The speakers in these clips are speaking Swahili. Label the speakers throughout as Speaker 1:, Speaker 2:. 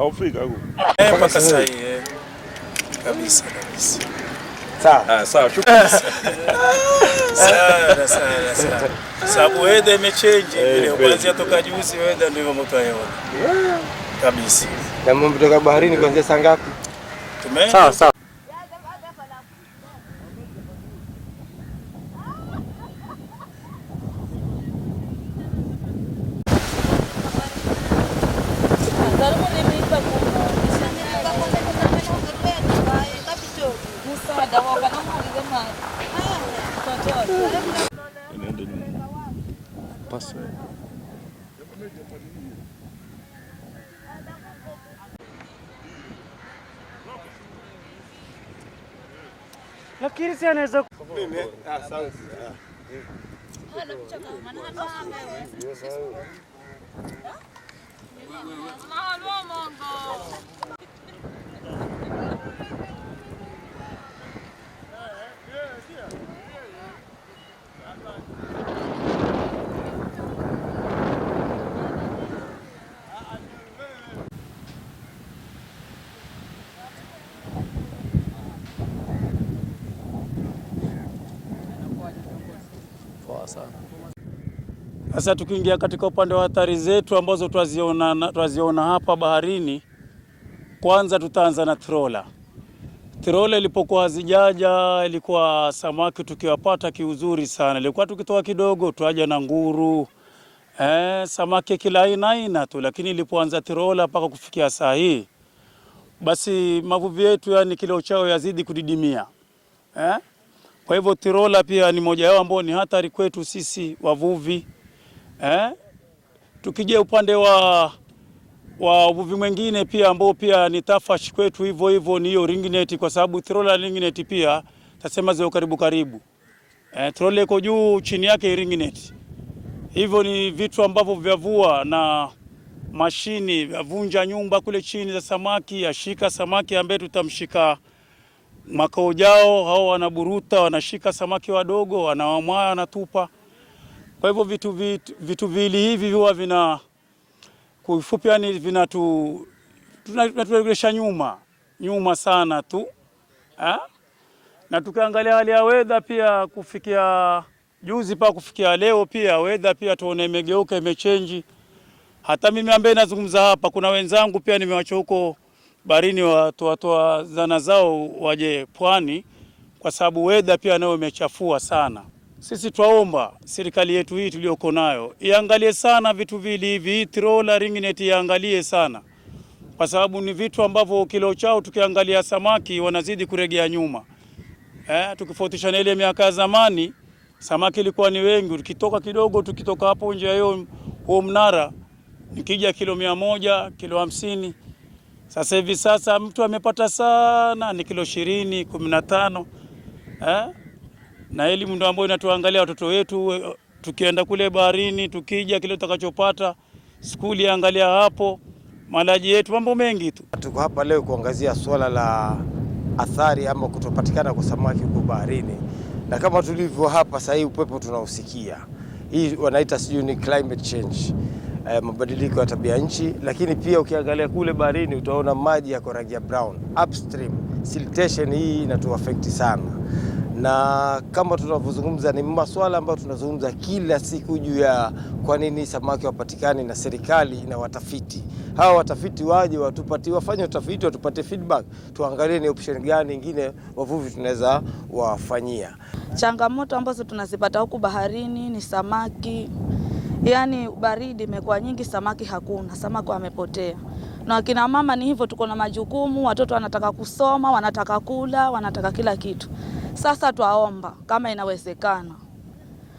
Speaker 1: haufika huko
Speaker 2: eh, mpaka sasa hii eh. eh, kabisa kabisa.
Speaker 1: Sawa ah, sawa, shukrani
Speaker 2: sana sana sana, sababu weather imechange eh, vile, kuanzia toka juzi weather ndio moto yao kabisa.
Speaker 1: Na mambo kutoka baharini kuanzia saa ngapi? sawa. Önemli Pas ver. Lakini si anaweza mimi asante. Ah, sana. Sasa tukiingia katika upande wa athari zetu ambazo twaziona twaziona hapa baharini, kwanza tutaanza na trola. Trola ilipokuwa hazijaja, ilikuwa samaki tukiwapata kiuzuri sana, ilikuwa tukitoa kidogo twaja na nguru eh, samaki kila aina aina tu, lakini ilipoanza trola mpaka kufikia saa hii, basi mavuvi yetu, yani kilo chao yazidi kudidimia eh? Kwa hivyo tirola pia ni moja yao ambao ni hatari kwetu sisi wavuvi eh? Tukija upande wa wa uvuvi mwingine pia ambao pia ni tafash kwetu hivyo hivyo ni hiyo ringnet, kwa sababu tirola ringnet pia tasema zao karibu karibu eh, tirola iko juu, chini yake ringnet. Hivyo ni vitu ambavyo vyavua na mashini vyavunja nyumba kule chini za samaki, yashika samaki ambaye tutamshika mwaka ujao hao wanaburuta, wanashika samaki wadogo, wanawamwaa, wanatupa. Kwa hivyo vitu, vitu, viwili hivi huwa vina kufupi, ufupi, yani vinatu tunaturegesha nyuma nyuma sana tu ha? Eh? na tukiangalia hali ya wedha pia kufikia juzi pa kufikia leo pia wedha pia tuone imegeuka imechenji. Hata mimi ambaye nazungumza hapa, kuna wenzangu pia nimewacha huko baharini watoatoa zana zao waje pwani, kwa sababu weather pia nayo imechafua sana. Sisi twaomba serikali yetu hii tuliyoko nayo iangalie sana vitu vili hivi, trola ringineti iangalie sana, kwa sababu ni vitu ambavyo kilo chao tukiangalia samaki wanazidi kuregea nyuma eh, tukifautisha na ile miaka ya zamani samaki ilikuwa ni wengi, tukitoka kidogo, tukitoka hapo nje ya huo mnara, nikija kilo mia moja kilo hamsini sasa hivi sasa mtu amepata sana ni kilo ishirini kumi na tano eh? na elimu ndio ambayo inatuangalia watoto wetu, tukienda kule baharini, tukija kile tutakachopata skuli angalia hapo malaji yetu, mambo mengi tu.
Speaker 3: Tuko hapa leo kuangazia swala la athari ama kutopatikana kwa samaki huko baharini, na kama tulivyo hapa sasa hivi upepo tunausikia, hii wanaita sijui ni climate change eh, mabadiliko ya tabia nchi, lakini pia ukiangalia kule baharini utaona maji yako rangi ya brown upstream. Siltation hii inatu sana, na kama tunavyozungumza ni maswala ambayo tunazungumza kila siku juu ya kwa nini samaki wapatikani, na serikali na watafiti hawa watafiti waje watupatie, wafanye utafiti watupatie feedback, tuangalie ni option gani nyingine wavuvi tunaweza wafanyia.
Speaker 4: Changamoto ambazo tunazipata huku baharini ni samaki Yaani baridi imekuwa nyingi, samaki hakuna, samaki wamepotea. Na akina mama ni hivyo, tuko na majukumu, watoto wanataka kusoma, wanataka kula, wanataka kila kitu. Sasa twaomba kama inawezekana,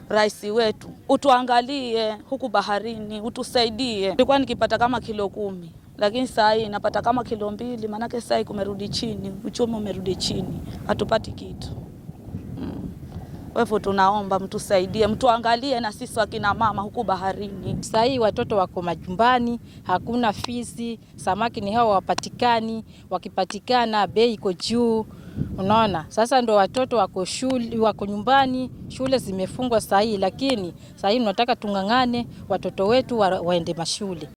Speaker 4: rais wetu utuangalie huku baharini, utusaidie. Nilikuwa nikipata kama kilo kumi lakini saa hii napata kama kilo mbili, maanake saa hii kumerudi chini, uchumi umerudi chini, hatupati kitu. Kwa hivyo tunaomba mtusaidie, mtuangalie na sisi wakina mama huku baharini.
Speaker 5: Sasa hii watoto wako majumbani, hakuna fizi, samaki ni hao wapatikani, wakipatikana bei iko juu. Unaona, sasa ndo watoto wako shule, wako nyumbani, shule zimefungwa sahii lakini sahii hii tunataka tung'ang'ane watoto wetu wa, waende mashule.